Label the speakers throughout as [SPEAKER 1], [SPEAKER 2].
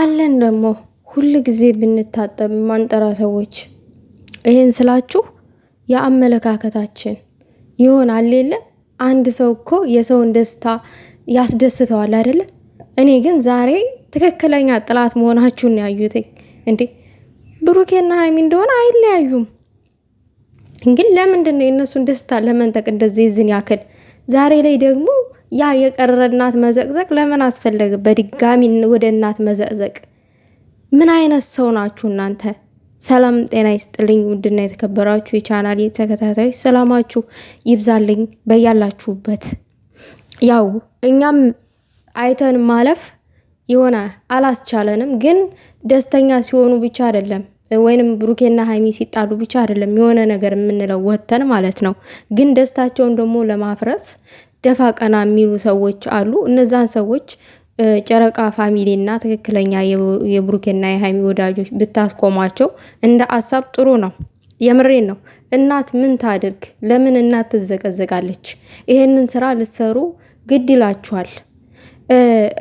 [SPEAKER 1] አለን ደግሞ ሁል ጊዜ ብንታጠብ ማንጠራ ሰዎች። ይሄን ስላችሁ የአመለካከታችን ይሆናል የለ አንድ ሰው እኮ የሰውን ደስታ ያስደስተዋል አይደለ? እኔ ግን ዛሬ ትክክለኛ ጥላት መሆናችሁን ያዩትኝ እንዴ ብሩኬና ሀይሚ እንደሆነ አይለያዩም። ግን ለምንድን ነው የእነሱን ደስታ ለመንጠቅ እንደዚህ ዝን ያክል? ዛሬ ላይ ደግሞ ያ የቀረ እናት መዘቅዘቅ ለምን አስፈለገ? በድጋሚ ወደ እናት መዘቅዘቅ ምን አይነት ሰው ናችሁ እናንተ? ሰላም ጤና ይስጥልኝ። ውድና የተከበራችሁ የቻናል ተከታታዮች ሰላማችሁ ይብዛልኝ በያላችሁበት። ያው እኛም አይተን ማለፍ የሆነ አላስቻለንም፣ ግን ደስተኛ ሲሆኑ ብቻ አይደለም ወይንም ብሩኬና ሀይሚ ሲጣሉ ብቻ አይደለም የሆነ ነገር የምንለው ወተን ማለት ነው። ግን ደስታቸውን ደግሞ ለማፍረስ ደፋ ቀና የሚሉ ሰዎች አሉ። እነዛን ሰዎች ጨረቃ ፋሚሊ እና ትክክለኛ የብሩኬና የሃይሚ ወዳጆች ብታስቆሟቸው እንደ አሳብ ጥሩ ነው። የምሬን ነው። እናት ምን ታድርግ? ለምን እናት ትዘቀዘቃለች? ይሄንን ስራ ልትሰሩ ግድ ይላችኋል።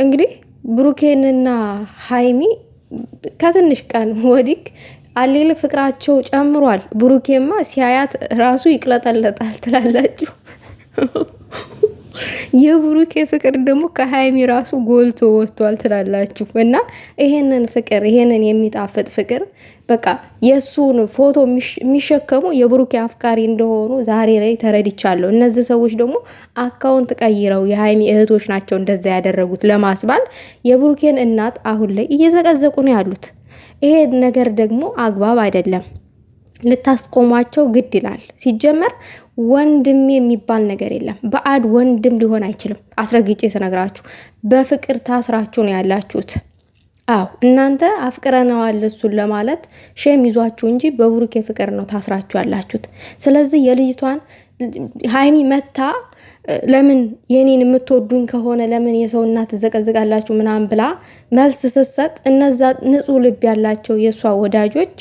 [SPEAKER 1] እንግዲህ ብሩኬንና ሃይሚ ከትንሽ ቀን ወዲህ አሌል ፍቅራቸው ጨምሯል። ብሩኬማ ሲያያት ራሱ ይቅለጠለጣል ትላላችሁ። የብሩኬ ፍቅር ደግሞ ከሀይሚ ራሱ ጎልቶ ወጥቷል ትላላችሁ። እና ይሄንን ፍቅር ይሄንን የሚጣፍጥ ፍቅር በቃ የእሱን ፎቶ የሚሸከሙ የብሩኬ አፍቃሪ እንደሆኑ ዛሬ ላይ ተረድቻለሁ። እነዚህ ሰዎች ደግሞ አካውንት ቀይረው የሀይሚ እህቶች ናቸው እንደዛ ያደረጉት ለማስባል የብሩኬን እናት አሁን ላይ እየዘቀዘቁ ነው ያሉት። ይሄ ነገር ደግሞ አግባብ አይደለም። ልታስቆሟቸው ግድ ይላል። ሲጀመር ወንድም የሚባል ነገር የለም። በአድ ወንድም ሊሆን አይችልም። አስረግጬ ስነግራችሁ በፍቅር ታስራችሁ ነው ያላችሁት። አው እናንተ አፍቅረነዋል እሱን ለማለት ሼም ይዟችሁ እንጂ በብሩኬ ፍቅር ነው ታስራችሁ ያላችሁት። ስለዚህ የልጅቷን ሀይሚ መታ ለምን የኔን የምትወዱኝ ከሆነ ለምን የሰው እናት ትዘቀዝቃላችሁ ምናምን ብላ መልስ ስትሰጥ እነዛ ንጹህ ልብ ያላቸው የእሷ ወዳጆች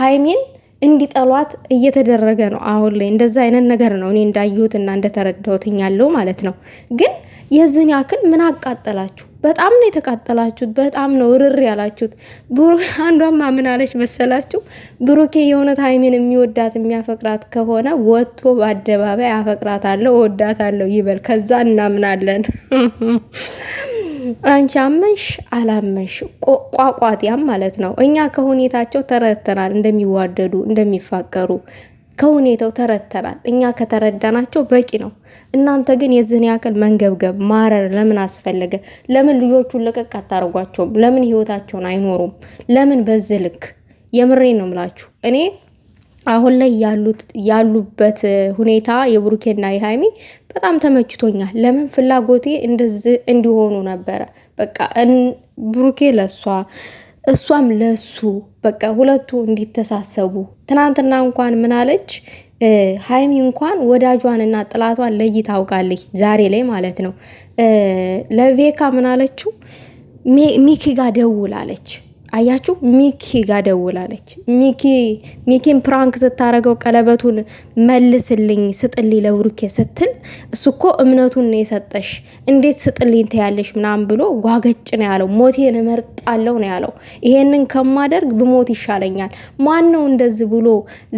[SPEAKER 1] ሀይሚን እንዲጠሏት እየተደረገ ነው። አሁን ላይ እንደዛ አይነት ነገር ነው እኔ እንዳየሁትና እንደተረዳሁትኝ ያለው ማለት ነው። ግን የዚህን ያክል ምን አቃጠላችሁ? በጣም ነው የተቃጠላችሁት። በጣም ነው ርር ያላችሁት። አንዷማ ምን አለች መሰላችሁ? ብሩኬ የእውነት ሀይሜን የሚወዳት የሚያፈቅራት ከሆነ ወጥቶ በአደባባይ አፈቅራታለሁ፣ እወዳታለሁ ይበል። ከዛ እናምናለን። አንቺ አመንሽ አላመንሽ ቋቋጢያም ማለት ነው። እኛ ከሁኔታቸው ተረድተናል እንደሚዋደዱ እንደሚፋቀሩ ከሁኔታው ተረድተናል። እኛ ከተረዳናቸው በቂ ነው። እናንተ ግን የዚህን ያክል መንገብገብ ማረር ለምን አስፈለገ? ለምን ልጆቹን ለቀቅ አታደርጓቸውም? ለምን ህይወታቸውን አይኖሩም? ለምን በዚህ ልክ? የምሬ ነው ምላችሁ እኔ አሁን ላይ ያሉበት ሁኔታ የብሩኬና የሃይሚ በጣም ተመችቶኛል። ለምን ፍላጎቴ እንደዚህ እንዲሆኑ ነበረ። በቃ ብሩኬ ለሷ እሷም ለሱ በቃ ሁለቱ እንዲተሳሰቡ። ትናንትና እንኳን ምናለች ሃይሚ እንኳን ወዳጇንና ጥላቷን ለይታ አውቃለች። ዛሬ ላይ ማለት ነው ለቬካ ምናለችው ሚኪ ጋር ደውላለች። አያችሁ ሚኪ ጋር ደውላለች። ሚኪ ሚኪን ፕራንክ ስታደረገው ቀለበቱን መልስልኝ ስጥልኝ ለብሩኬ ስትል እሱ እኮ እምነቱን ነው የሰጠሽ እንዴት ስጥልኝ ትያለሽ ምናምን ብሎ ጓገጭ ነው ያለው። ሞቴን እመርጣለሁ ነው ያለው። ይሄንን ከማደርግ ብሞት ይሻለኛል። ማን ነው እንደዚህ ብሎ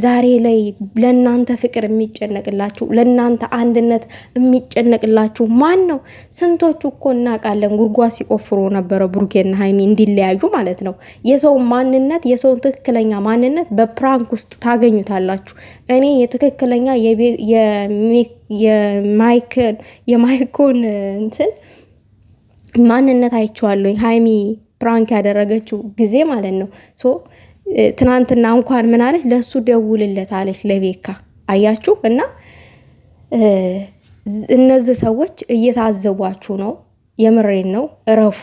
[SPEAKER 1] ዛሬ ላይ ለእናንተ ፍቅር የሚጨነቅላችሁ ለእናንተ አንድነት የሚጨነቅላችሁ ማን ነው? ስንቶቹ እኮ እናውቃለን። ጉርጓ ሲቆፍሩ ነበረ ብሩኬና ሀይሚ እንዲለያዩ ማለት ነው። የሰው ማንነት የሰውን ትክክለኛ ማንነት በፕራንክ ውስጥ ታገኙታላችሁ። እኔ የትክክለኛ የማይኮን እንትን ማንነት አይቼዋለሁኝ ሀይሚ ፕራንክ ያደረገችው ጊዜ ማለት ነው። ሶ ትናንትና እንኳን ምን አለች? ለእሱ ደውልለት አለች ለቤካ። አያችሁ እና እነዚህ ሰዎች እየታዘቧችሁ ነው። የምሬን ነው። እረፉ።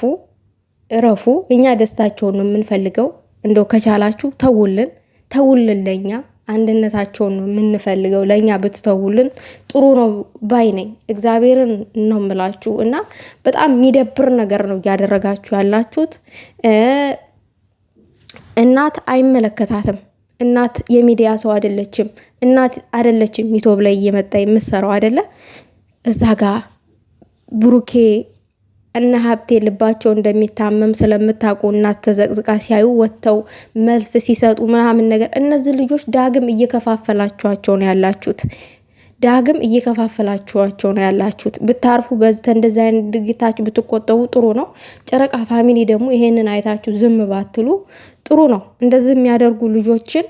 [SPEAKER 1] እረፉ። እኛ ደስታቸውን ነው የምንፈልገው። እንደው ከቻላችሁ ተውልን፣ ተውልን። ለእኛ አንድነታቸውን ነው የምንፈልገው። ለእኛ ብትተውልን ጥሩ ነው ባይ ነኝ። እግዚአብሔርን ነው ምላችሁ እና በጣም የሚደብር ነገር ነው እያደረጋችሁ ያላችሁት። እናት አይመለከታትም። እናት የሚዲያ ሰው አይደለችም። እናት አይደለችም ዩቲዩብ ላይ እየመጣ የምትሰራው አይደለ እዛ ጋር ብሩኬ እነ ሀብቴ ልባቸው እንደሚታመም ስለምታውቁ እናት ተዘቅዝቃ ሲያዩ ወጥተው መልስ ሲሰጡ ምናምን ነገር እነዚህ ልጆች ዳግም እየከፋፈላችኋቸው ነው ያላችሁት። ዳግም እየከፋፈላችኋቸው ነው ያላችሁት። ብታርፉ በዚህ እንደዚህ አይነት ድርጊታችሁ ብትቆጠቡ ጥሩ ነው። ጨረቃ ፋሚሊ ደግሞ ይሄንን አይታችሁ ዝም ባትሉ ጥሩ ነው። እንደዚህ የሚያደርጉ ልጆችን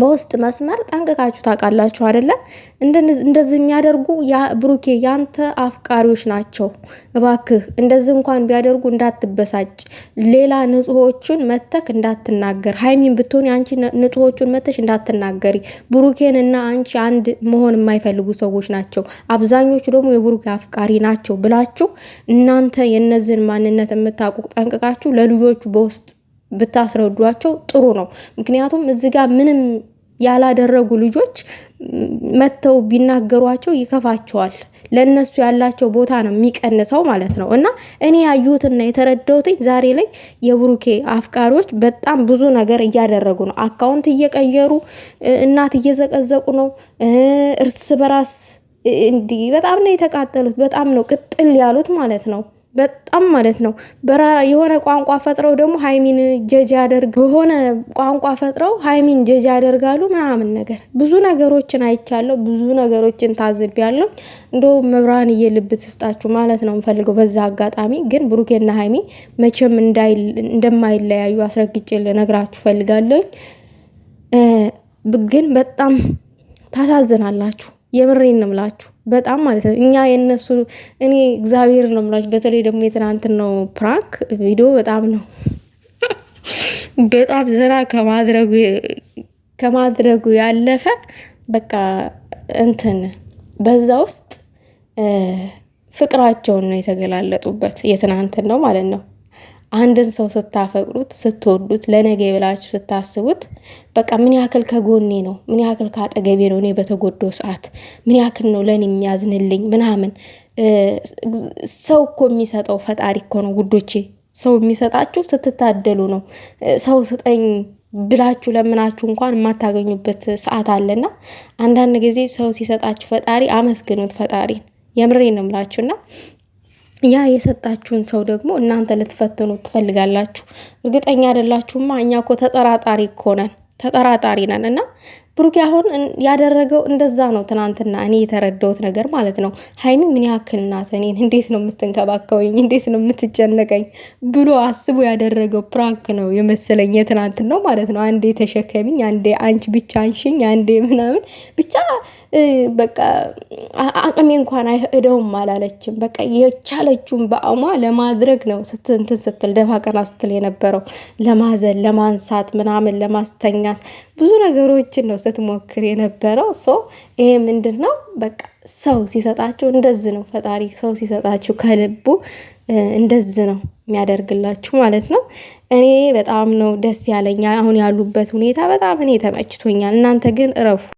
[SPEAKER 1] በውስጥ መስመር ጠንቅቃችሁ ታውቃላችሁ አይደለም? እንደዚህ የሚያደርጉ ብሩኬ ያንተ አፍቃሪዎች ናቸው። እባክህ እንደዚህ እንኳን ቢያደርጉ እንዳትበሳጭ፣ ሌላ ንጹሆቹን መተክ እንዳትናገር። ሀይሚን ብትሆን አንቺ ንጹሆቹን መተሽ እንዳትናገሪ። ብሩኬን እና አንቺ አንድ መሆን የማይፈልጉ ሰዎች ናቸው፣ አብዛኞቹ ደግሞ የብሩኬ አፍቃሪ ናቸው ብላችሁ እናንተ የእነዚህን ማንነት የምታውቁ ጠንቅቃችሁ ለልጆቹ በውስጥ ብታስረዷቸው ጥሩ ነው። ምክንያቱም እዚህ ጋር ምንም ያላደረጉ ልጆች መጥተው ቢናገሯቸው ይከፋቸዋል። ለእነሱ ያላቸው ቦታ ነው የሚቀንሰው ማለት ነው። እና እኔ ያዩትና የተረዳሁትኝ ዛሬ ላይ የብሩኬ አፍቃሪዎች በጣም ብዙ ነገር እያደረጉ ነው። አካውንት እየቀየሩ እናት እየዘቀዘቁ ነው። እርስ በራስ እንዲህ በጣም ነው የተቃጠሉት። በጣም ነው ቅጥል ያሉት ማለት ነው። በጣም ማለት ነው። በራ የሆነ ቋንቋ ፈጥረው ደግሞ ሀይሚን ጀጅ ያደርግ የሆነ ቋንቋ ፈጥረው ሀይሚን ጀጅ ያደርጋሉ ምናምን ነገር ብዙ ነገሮችን አይቻለሁ፣ ብዙ ነገሮችን ታዝቤያለሁ። እንደ መብራን እየልብ ትስጣችሁ ማለት ነው የምፈልገው በዛ አጋጣሚ። ግን ብሩኬና ሀይሚ መቼም እንደማይለያዩ አስረግጬ ልነግራችሁ ፈልጋለኝ። ግን በጣም ታሳዝናላችሁ። የምሬን ነው ምላችሁ በጣም ማለት ነው። እኛ የነሱ እኔ እግዚአብሔር ነው ምላችሁ። በተለይ ደግሞ የትናንት ነው ፕራንክ ቪዲዮ በጣም ነው በጣም ዘና ከማድረጉ ያለፈ በቃ እንትን በዛ ውስጥ ፍቅራቸውን ነው የተገላለጡበት የትናንትን ነው ማለት ነው። አንድን ሰው ስታፈቅሩት ስትወዱት ለነገ ብላችሁ ስታስቡት በቃ ምን ያክል ከጎኔ ነው፣ ምን ያክል ከአጠገቤ ነው፣ እኔ በተጎዳው ሰዓት ምን ያክል ነው ለእኔ የሚያዝንልኝ ምናምን። ሰው እኮ የሚሰጠው ፈጣሪ እኮ ነው ውዶቼ። ሰው የሚሰጣችሁ ስትታደሉ ነው። ሰው ስጠኝ ብላችሁ ለምናችሁ እንኳን የማታገኙበት ሰዓት አለና አንዳንድ ጊዜ ሰው ሲሰጣችሁ ፈጣሪ አመስግኑት ፈጣሪን። የምሬ ነው ምላችሁና ያ የሰጣችሁን ሰው ደግሞ እናንተ ልትፈትኑ ትፈልጋላችሁ። እርግጠኛ አይደላችሁማ። እኛ እኮ ተጠራጣሪ እኮ ነን፣ ተጠራጣሪ ነን እና ብሩኬ አሁን ያደረገው እንደዛ ነው። ትናንትና እኔ የተረዳሁት ነገር ማለት ነው ሀይሚ ምን ያክል ናት፣ እኔን እንዴት ነው የምትንከባከበኝ፣ እንዴት ነው የምትጨነቀኝ ብሎ አስቦ ያደረገው ፕራንክ ነው የመሰለኝ የትናንት ነው ማለት ነው። አንዴ ተሸከሚኝ፣ አንዴ አንቺ ብቻ አንሽኝ፣ አንዴ ምናምን ብቻ በቃ አቅሜ እንኳን አይሄደውም አላለችም። በቃ የቻለችውን በአማ ለማድረግ ነው ስትንትን ስትል ደፋ ቀና ስትል የነበረው ለማዘን፣ ለማንሳት፣ ምናምን ለማስተኛት ብዙ ነገሮችን ነው ስትሞክር የነበረው ሶ ይሄ ምንድን ነው? በቃ ሰው ሲሰጣችሁ እንደዚህ ነው። ፈጣሪ ሰው ሲሰጣችሁ ከልቡ እንደዚህ ነው የሚያደርግላችሁ ማለት ነው። እኔ በጣም ነው ደስ ያለኛል። አሁን ያሉበት ሁኔታ በጣም እኔ ተመችቶኛል። እናንተ ግን እረፉ።